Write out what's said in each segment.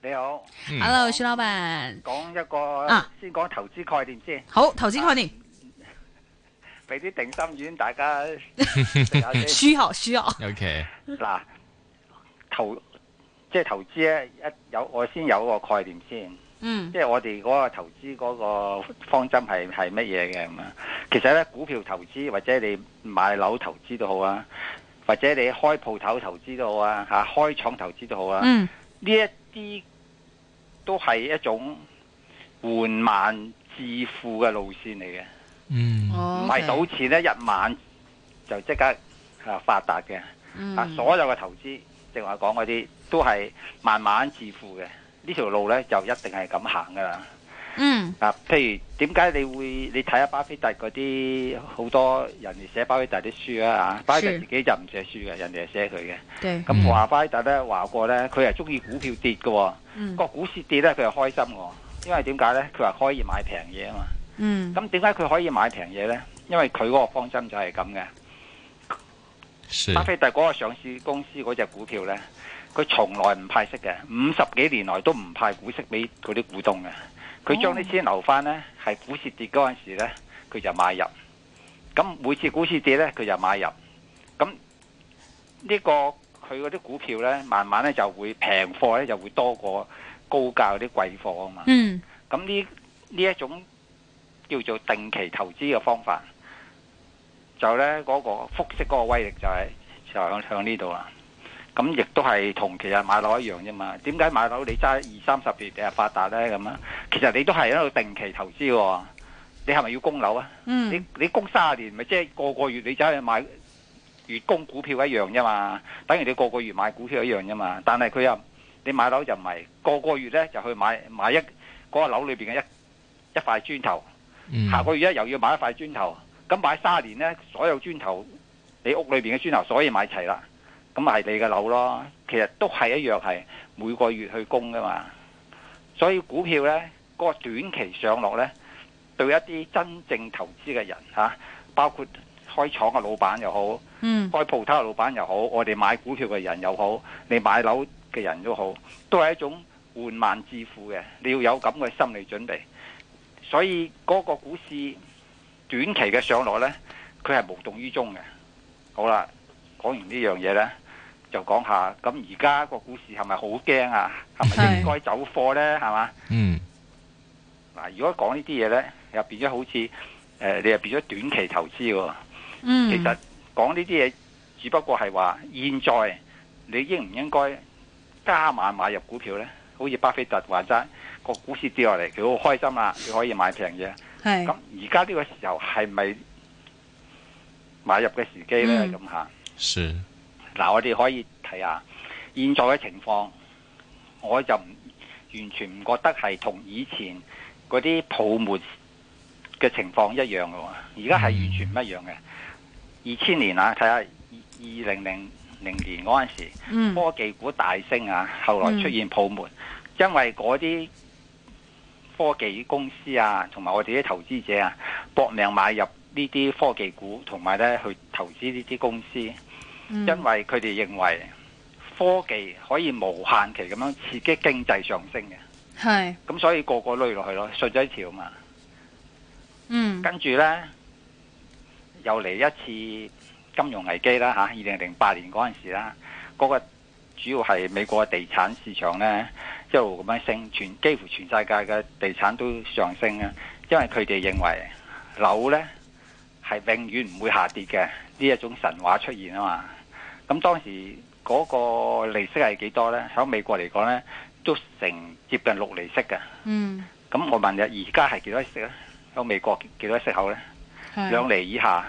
你好，Hello，徐老闆，講、嗯、一個、啊、先講投資概念先。好，投資概念，俾啲、啊、定心丸大家聽聽。需要需要。O K，嗱，投即係投資咧，一有我先有個概念先。嗯。即係我哋嗰個投資嗰個方針係係乜嘢嘅咁啊？其實咧，股票投資或者你買樓投資都好啊，或者你開鋪頭投資都好啊，吓、啊、開廠投資都好啊。嗯。呢一都係一種緩慢致富嘅路線嚟嘅，唔係賭錢咧一晚就即刻啊發達嘅，啊、嗯、所有嘅投資，正話講嗰啲都係慢慢致富嘅，呢條路呢，就一定係咁行噶啦。嗯啊，譬如點解你會你睇下巴菲特嗰啲，好多人哋寫巴菲特啲書啊嚇，是巴菲特自己就唔寫書嘅，人哋寫佢嘅。咁話對、嗯、巴菲特咧話過咧，佢係中意股票跌嘅，哦。嗯，個股市跌咧，佢係開心嘅，因為點解咧？佢話可以買平嘢啊嘛。嗯，咁點解佢可以買平嘢咧？因為佢嗰個方針就係咁嘅。是巴菲特嗰個上市公司嗰隻股票咧，佢從來唔派息嘅，五十幾年來都唔派股息俾佢啲股東嘅。佢將啲錢留翻咧，係股市跌嗰陣時咧，佢就買入。咁每次股市跌咧，佢就買入。咁呢個佢嗰啲股票咧，慢慢咧就會平貨咧，就會多過高價嗰啲貴貨啊嘛。嗯。咁呢呢一種叫做定期投資嘅方法，就咧嗰個複息嗰個威力就係就響呢度啦。咁亦都係同其實買樓一樣啫嘛，點解買樓你揸二三十年你日發達呢？咁啊？其實你都係喺度定期投資喎、哦，你係咪要供樓啊？嗯、你你供三十年，咪即係個個月你走去買月供股票一樣啫嘛，等於你個個月買股票一樣啫嘛。但係佢又你買樓就唔係個個月呢，就去買買一、嗰個樓裏面嘅一一塊磚頭。嗯、下個月呢又要買一塊磚頭，咁買三十年呢，所有磚頭你屋裏面嘅磚頭，所以買齊啦。咁埋你嘅樓咯，其實都係一樣，係每個月去供噶嘛。所以股票呢、個短期上落呢，對一啲真正投資嘅人、啊、包括開廠嘅老闆又好，嗯、開鋪頭嘅老闆又好，我哋買股票嘅人又好，你買樓嘅人都好，都係一種緩慢致富嘅，你要有咁嘅心理準備。所以嗰個股市短期嘅上落呢，佢係無動於衷嘅。好啦，講完呢樣嘢呢。就講下，咁而家個股市係咪好驚啊？係咪應該走貨呢？係嘛是？吧嗯。嗱，如果講呢啲嘢呢，又變咗好似，誒、呃，你又變咗短期投資喎。嗯、其實講呢啲嘢，只不過係話，現在你應唔應該加碼買入股票呢？好似巴菲特話齋，個股市跌落嚟，佢好開心啦、啊，佢可以買平嘢。係是。咁而家呢個時候係咪買入嘅時機呢？咁吓、嗯。嗱，我哋可以睇下現在嘅情況，我就唔完全唔覺得係同以前嗰啲泡沫嘅情況一樣嘅喎。而家係完全唔一樣嘅。二千年啊，睇下二零零零年嗰陣時，嗯、科技股大升啊，後來出現泡沫，嗯、因為嗰啲科技公司啊，同埋我哋啲投資者啊，搏命買入呢啲科技股，同埋咧去投資呢啲公司。因為佢哋認為科技可以無限期咁樣刺激經濟上升嘅，係咁是所以個個累落去咯，順水潮嘛。嗯，跟住呢，又嚟一次金融危機啦吓，二零零八年嗰陣時啦，嗰、嗰個主要係美國嘅地產市場呢，一路咁樣升，全幾乎全世界嘅地產都上升啊，因為佢哋認為樓呢係永遠唔會下跌嘅呢一種神話出現啊嘛。咁當時嗰個利息係幾多呢？喺美國嚟講呢，都成接近六厘息嘅。嗯。咁我問你，而家係幾多息呢？喺美國幾多息口呢？的兩厘以下。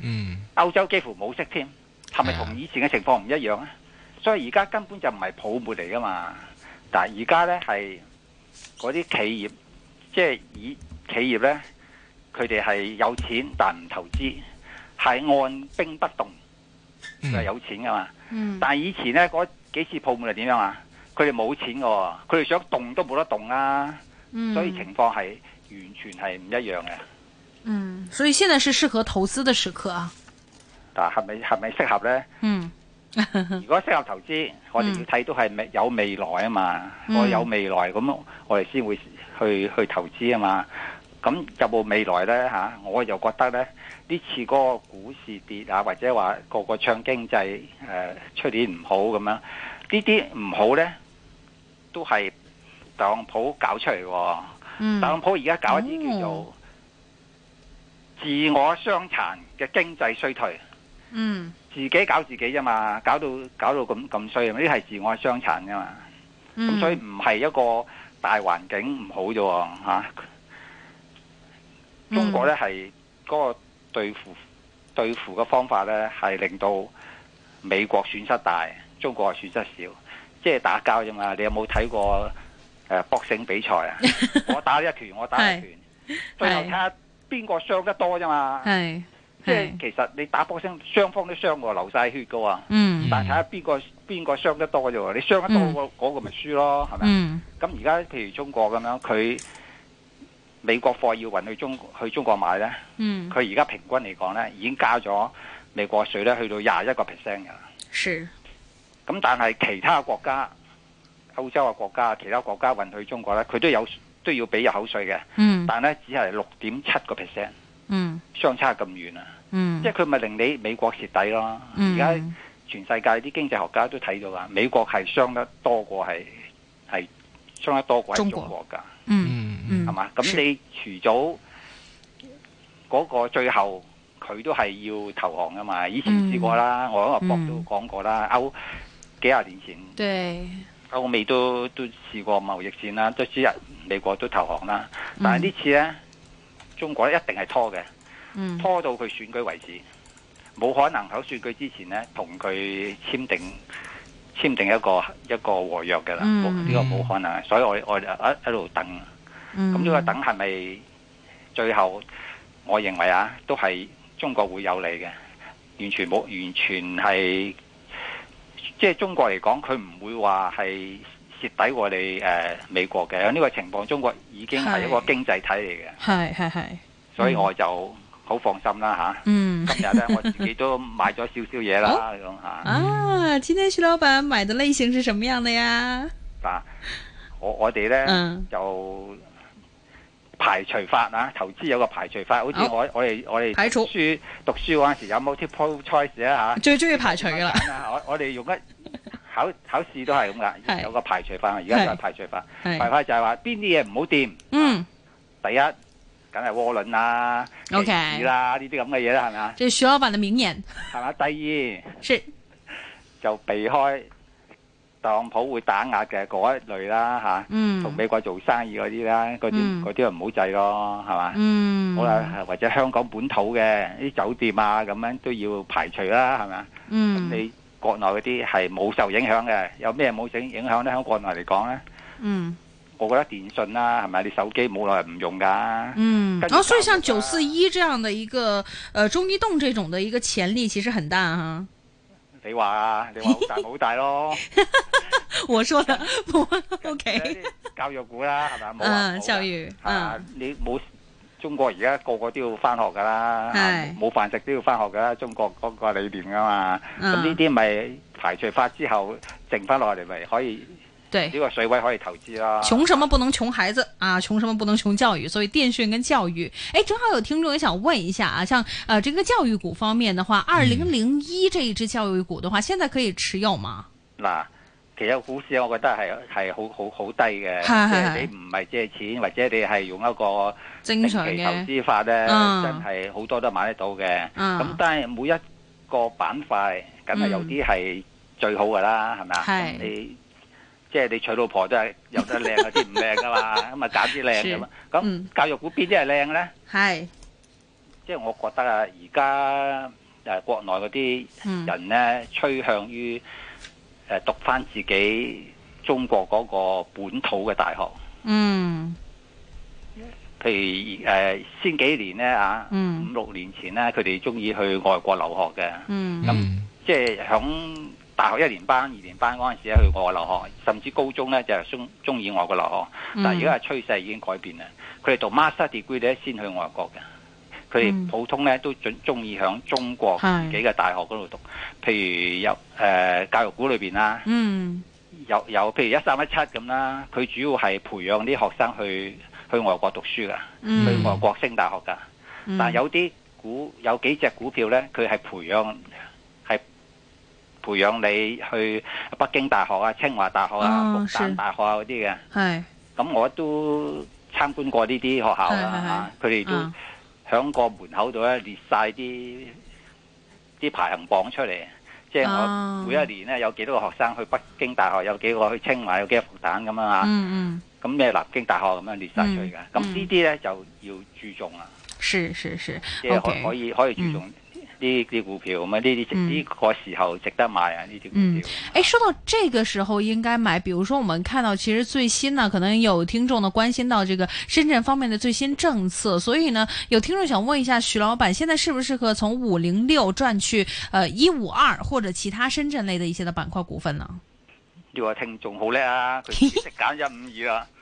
嗯。歐洲幾乎冇息添，係咪同以前嘅情況唔一樣呢？的所以而家根本就唔係泡沫嚟噶嘛。但係，而家呢，係嗰啲企業，即係以企業呢，佢哋係有錢但唔投資，係按兵不動。佢係、mm. 有錢噶嘛？Mm. 但係以前咧嗰幾次泡沫係點樣啊？佢哋冇錢嘅，佢哋想動都冇得動啊！Mm. 所以情況係完全係唔一樣嘅。嗯，mm. 所以現在是適合投資嘅時刻啊！但係咪係咪適合咧？嗯，mm. 如果適合投資，我哋要睇都係未有未來啊嘛！Mm. 我有未來咁，我哋先會去去投資啊嘛！咁就冇未來咧、啊、我又覺得咧，呢次嗰個股市跌啊，或者話個個唱經濟誒出、啊、年唔好咁樣，呢啲唔好咧，都係特朗普搞出嚟嘅。嗯、特朗普而家搞一啲叫做自我傷殘嘅經濟衰退。嗯，自己搞自己啫嘛，搞到搞到咁咁衰，呢啲係自我傷殘啫嘛。咁、嗯、所以唔係一個大環境唔好啫喎。中國咧係嗰個對付對付嘅方法咧，係令到美國損失大，中國係損失少，即係打交啫嘛。你有冇睇過誒搏繩比賽啊？ 我打一拳，我打一拳，是最後睇下邊個傷得多啫嘛。即係其實你打搏繩，雙方都傷，過流晒血噶喎。但係睇下邊個邊個傷得多啫喎。你傷得多是那個嗰個咪輸咯，係咪啊？咁而家譬如中國咁樣，佢。美國貨要運去中去中國買咧，佢而家平均嚟講咧，已經加咗美國稅咧，去到廿一個 percent 嘅。是，咁但係其他國家、歐洲嘅國家、其他國家運去中國咧，佢都有都要俾入口稅嘅。嗯，但咧只係六點七個 percent。嗯，相差咁遠啊！嗯，即係佢咪令你美國蝕底咯？而家，嗯，全世界啲經濟學家都睇到啊，美國係傷得多過係係傷得多過中國嘅。嗯。係嘛？咁、mm hmm. 你除咗嗰個最後，佢都係要投降噶嘛？以前試過啦，mm hmm. 我喺個博都講過啦。歐、mm hmm. 幾廿年前，對歐美都都試過貿易戰啦，即係美國都投降啦。但係呢次咧，mm hmm. 中國一定係拖嘅，拖到佢選舉為止，冇可能喺選舉之前咧同佢簽訂簽訂一個一個和約㗎啦。呢個冇可能，所以我我一喺度等。咁呢個等係咪最後我認為啊，都係中國會有利嘅，完全冇，完全係即係中國嚟講，佢唔會話係蝕底我哋誒、呃、美國嘅。呢個情況，中國已經係一個經濟體嚟嘅。係係係，所以我就好放心啦吓。嗯，啊、嗯今日咧我自己都買咗少少嘢啦咁吓。 啊，今天徐老闆買的類型是什麼樣的呀？啊、我我哋呢，嗯、就。排除法啊，投資有個排除法，好似我我哋我哋讀書讀書嗰陣時有冇 multiple choice 啊嚇？最中意排除㗎啦！我我哋用乜考考試都係咁噶，有個排除法，而家就係排除法，排除就係話邊啲嘢唔好掂。嗯，第一梗係窩輪啦、機器啦呢啲咁嘅嘢啦，係咪啊？這是徐老闆嘅名言，係咪？第二，就避開特朗普會打壓嘅嗰一類啦、啊、嚇，同、嗯、美國做生意嗰啲啦，嗰啲啲就唔好滯咯，係嘛？好啦、嗯，或者香港本土嘅啲酒店啊咁樣都要排除啦，係嘛？咁、嗯、你國內嗰啲係冇受影響嘅，有咩冇影響咧？喺國內嚟講咧，嗯，我覺得電訊啦、啊，係咪你手機冇人唔用㗎？嗯，啊、哦，所以像九四一這樣嘅一個呃中移動這種的，一個潛力其實很大哈、啊。你話啊，你話好大咪好大咯？哈哈哈哈哈！我說的，O K。教育股啦，係咪冇啊，教育啊，你冇，中國而家個個都要翻學㗎啦，冇飯食都要翻學㗎啦，中國嗰個理念㗎嘛。咁呢啲咪排除法之後，剩翻落嚟咪可以。呢對個水位可以投資啦。窮什麼不能窮孩子啊！窮什麼不能窮教育，所以電訊跟教育，哎，正好有聽眾也想問一下啊，像，呃，這個教育股方面的話，二零零一這一隻教育股的話，現在可以持有嗎？嗱，其實股市我覺得係係好好好低嘅，即係你唔係借錢或者你係用一個資正常嘅投資法咧，嗯、真係好多都買得到嘅。咁、嗯、但係每一個板塊，梗係有啲係最好嘅啦，係咪啊？你即係你娶老婆都係有得靚嗰啲唔靚噶嘛，咁咪揀啲靚咁咯。咁教育嗰邊啲係靚咧？係，即係我覺得啊，而家誒國內嗰啲人咧趨向於誒讀返自己中國嗰個本土嘅大學。嗯。譬如誒，先幾年咧啊，五六年前咧，佢哋中意去外國留學嘅。嗯。咁即係響。大學一年班、二年班嗰陣時咧去外國留學，甚至高中咧就係中中意外國留學。嗯、但係而家係趨勢已經改變啦。佢哋讀 master degree 咧先去外國嘅，佢哋普通咧、嗯、都准中意喺中國自己嘅大學嗰度讀。是譬如有、呃、教育股裏面啦，嗯、有有譬如一三一七咁啦，佢主要係培養啲學生去去外國讀書噶，嗯、去外國升大學噶。嗯、但係有啲股有幾隻股票咧，佢係培養。培養你去北京大學啊、清華大學啊、復旦、oh, 是大學啊嗰啲嘅，係咁是我都參觀過呢啲學校啦，佢哋、啊、都響個門口度咧列晒啲啲排行榜出嚟，即、就、係、是、我每一年咧有幾多個學生去北京大學，有幾個去清華，有幾個復旦咁啊，咁咩、嗯嗯、南京大學咁樣列晒出嚟嘅，咁、嗯、呢啲咧就要注重啦，是是是，即係可可以 Okay 可以注重、嗯。啲啲股票，咁啊呢啲值呢個時候值得買啊？呢啲、嗯、股票、嗯，誒，說到這個時候應該買，比如說我們看到其實最新呢，可能有聽眾呢關心到這個深圳方面的最新政策，所以呢，有聽眾想問一下徐老闆，現在適不適合從五零六轉去，誒一五二或者其他深圳類的一些的板塊股份呢？呢個聽眾好叻啊，佢識揀一五二啊。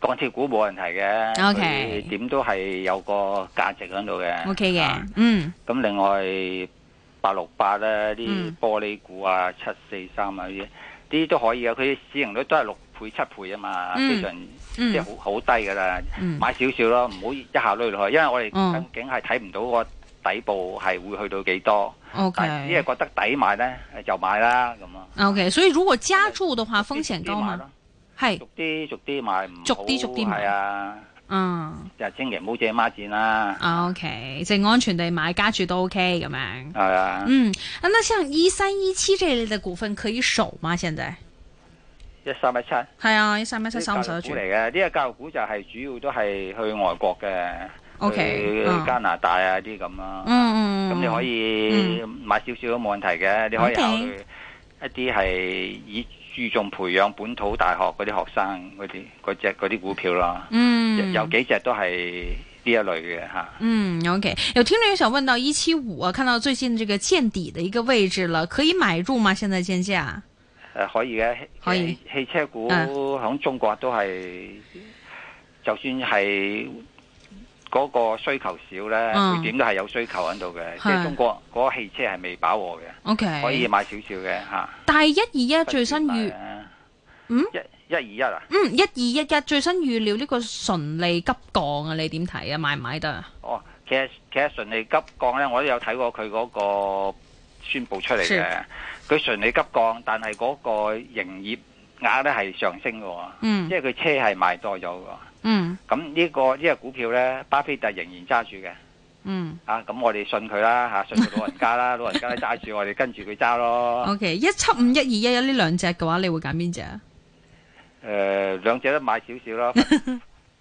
鋼鐵股冇問題嘅，o k 點都係有個價值喺度嘅。O K 嘅，嗯。咁、啊、另外八六八啦，啲玻璃股啊，七四三啊啲，啲都可以啊。佢市盈率都係六倍、七倍啊嘛，嗯、非常、嗯、即係好好低噶啦。嗯、買少少咯，唔好一下攞落去，因為我哋畢竟係睇唔到個底部係會去到幾多。O K、嗯。因、okay. 為覺得抵買咧，就買啦咁 Okay, 啊。O K，所以如果加注嘅話，風險高嘛？係，是逐啲逐啲買，買，唔逐逐啲好係啊，嗯，就係千祈，唔好借孖展啦。啊，O K，淨安全地買加注都 O K 嘅咩？係啊，嗯，啊，那像一三一七這類的股份可以守嗎？現在一三一七，係啊，一三一七，三教育股嚟嘅，呢個教育股就係主要都係去外國嘅，O K，去加拿大啊啲咁啊。嗯，嗯嗯，咁你可以買少少都冇問題嘅，嗯、你可以考慮一啲係以。Okay 注重培養本土大學嗰啲學生嗰啲隻啲股票啦，嗯，有，有幾隻都係呢一類嘅。吓。嗯，OK，有聽眾有想問到一七五，看到最近這個見底的一個位置了，可以買入嗎？現在現價？誒，可以嘅，可以。汽車股響中國都係，啊，就算係。嗰個需求少咧，佢點都係有需求喺度嘅。即係中國嗰個汽車係未飽和嘅，可以買少少嘅嚇。但係一二一最新預，嗯，一一二一啊，嗯，一二一一最新預料呢個純利急降啊，你點睇啊？買唔買得啊？哦，其實其實純利急降咧，我都有睇過佢嗰個宣佈出嚟嘅。佢純利急降，但係嗰個營業額咧係上升嘅喎。嗯，即係佢車係賣多咗。嗯，咁呢、呢個呢、呢個股票呢，巴菲特仍然揸住嘅。嗯，啊，咁我哋信佢啦，吓，信佢老人家啦， 老人家都揸住，我哋跟住佢揸咯。O、okay, K，一七五一二一一呢兩隻嘅話，你會揀邊隻啊？兩隻、呃、都買少少咯。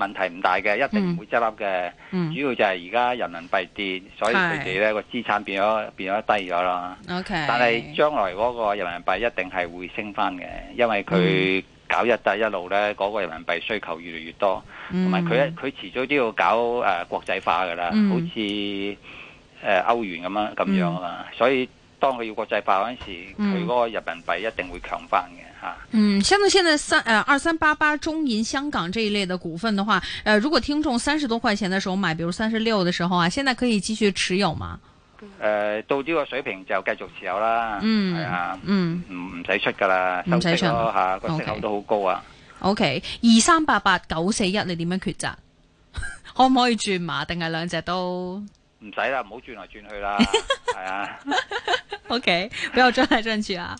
問題唔大嘅，一定唔會執笠嘅。嗯嗯、主要就係而家人民幣跌，所以佢哋咧個資產變咗變咗低咗啦。Okay, 但係將來嗰個人民幣一定係會升翻嘅，因為佢搞一帶一路咧，嗰、嗰個人民幣需求越嚟越多，同埋佢一佢遲早都要搞誒、呃、國際化噶啦，嗯、好似誒、呃、歐元咁樣咁樣啊嘛。嗯、所以當佢要國際化嗰陣時，佢嗰、嗯、個人民幣一定會強翻嘅。嗯，像到現在三誒二三八八中銀香港這一類的股份的話，誒、呃、如果聽眾三十多塊錢的時候買，比如三十六的時候啊，現在可以繼續持有嗎？誒、呃，到呢個水平就繼續持有啦。嗯，係啊，嗯，唔唔使出噶啦，收息咯吓，個、啊、息口都好高啊。O K，二三八八九四一你點樣抉擇？ 可唔可以轉碼？定係兩隻都唔使啦，唔好轉來轉去啦。係 啊。O、okay. K，不要轉來轉去啊。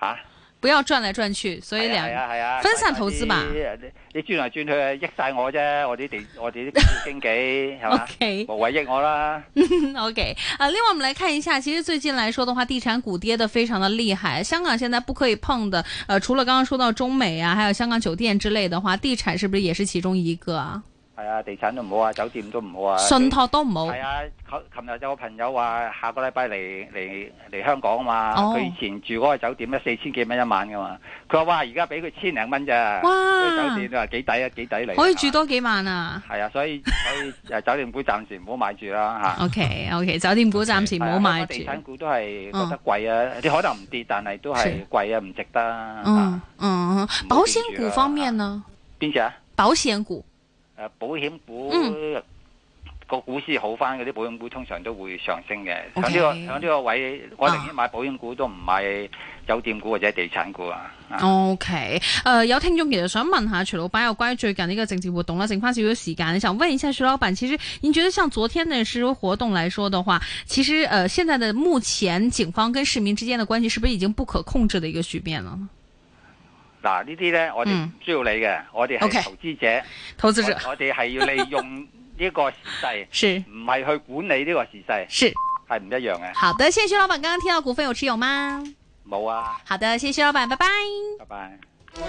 吓、 啊？不要轉來轉去，所以兩，啊啊啊、分散投資吧，乖乖，你你轉來轉去，益晒我啫，我啲地，我哋啲經紀係嘛，無謂益我啦。 OK 啊，另外我們來看一下，其實最近來說的話，地產股跌得非常的厲害。香港現在不可以碰的。呃，除了剛剛說到中美啊，還有香港酒店之類的話，地產是不是也是其中一個啊？啊係啊，地產都唔好啊，酒店都唔好啊，信託都唔好。係啊，琴日有個朋友話下個禮拜嚟嚟嚟香港啊嘛，佢以前住嗰個酒店咧四千幾蚊一晚噶嘛，佢話哇而家俾佢千零蚊啫，佢酒店都話幾抵啊幾抵嚟。可以住多幾晚啊！係啊，所以所以酒店股暫時唔好買住啦吓。OK OK，酒店股暫時唔好買。地產股都係覺得貴啊，啲可能唔跌，但係都係貴啊，唔值得。嗯嗯，保險股方面呢？邊隻啊？保險股。保險股個股市好翻，嗰啲，嗯、保險股通常都會上升嘅。Okay, 上呢個上呢個位，啊、我寧願買保險股都唔買酒店股或者地產股啊。OK，誒、呃、有聽眾其實想問下徐老闆，有關於最近呢個政治活動咧，剩翻少少時間嘅時候，問一下徐老闆，其實您覺得像昨天呢示威活動來說的話，其實誒、呃、現在的目前警方跟市民之間的關係，是不是已經不可控制的一個局面啦？嗱，呢啲咧我哋唔需要你嘅，嗯、我哋係投資者，okay, 投資者，我哋係要利用呢個時勢，唔係 是去管理呢個時勢，係唔是一樣嘅。好的，謝謝薛老闆，剛剛聽到股份有持有嗎？冇啊。好的，謝謝薛老闆，拜拜。拜拜。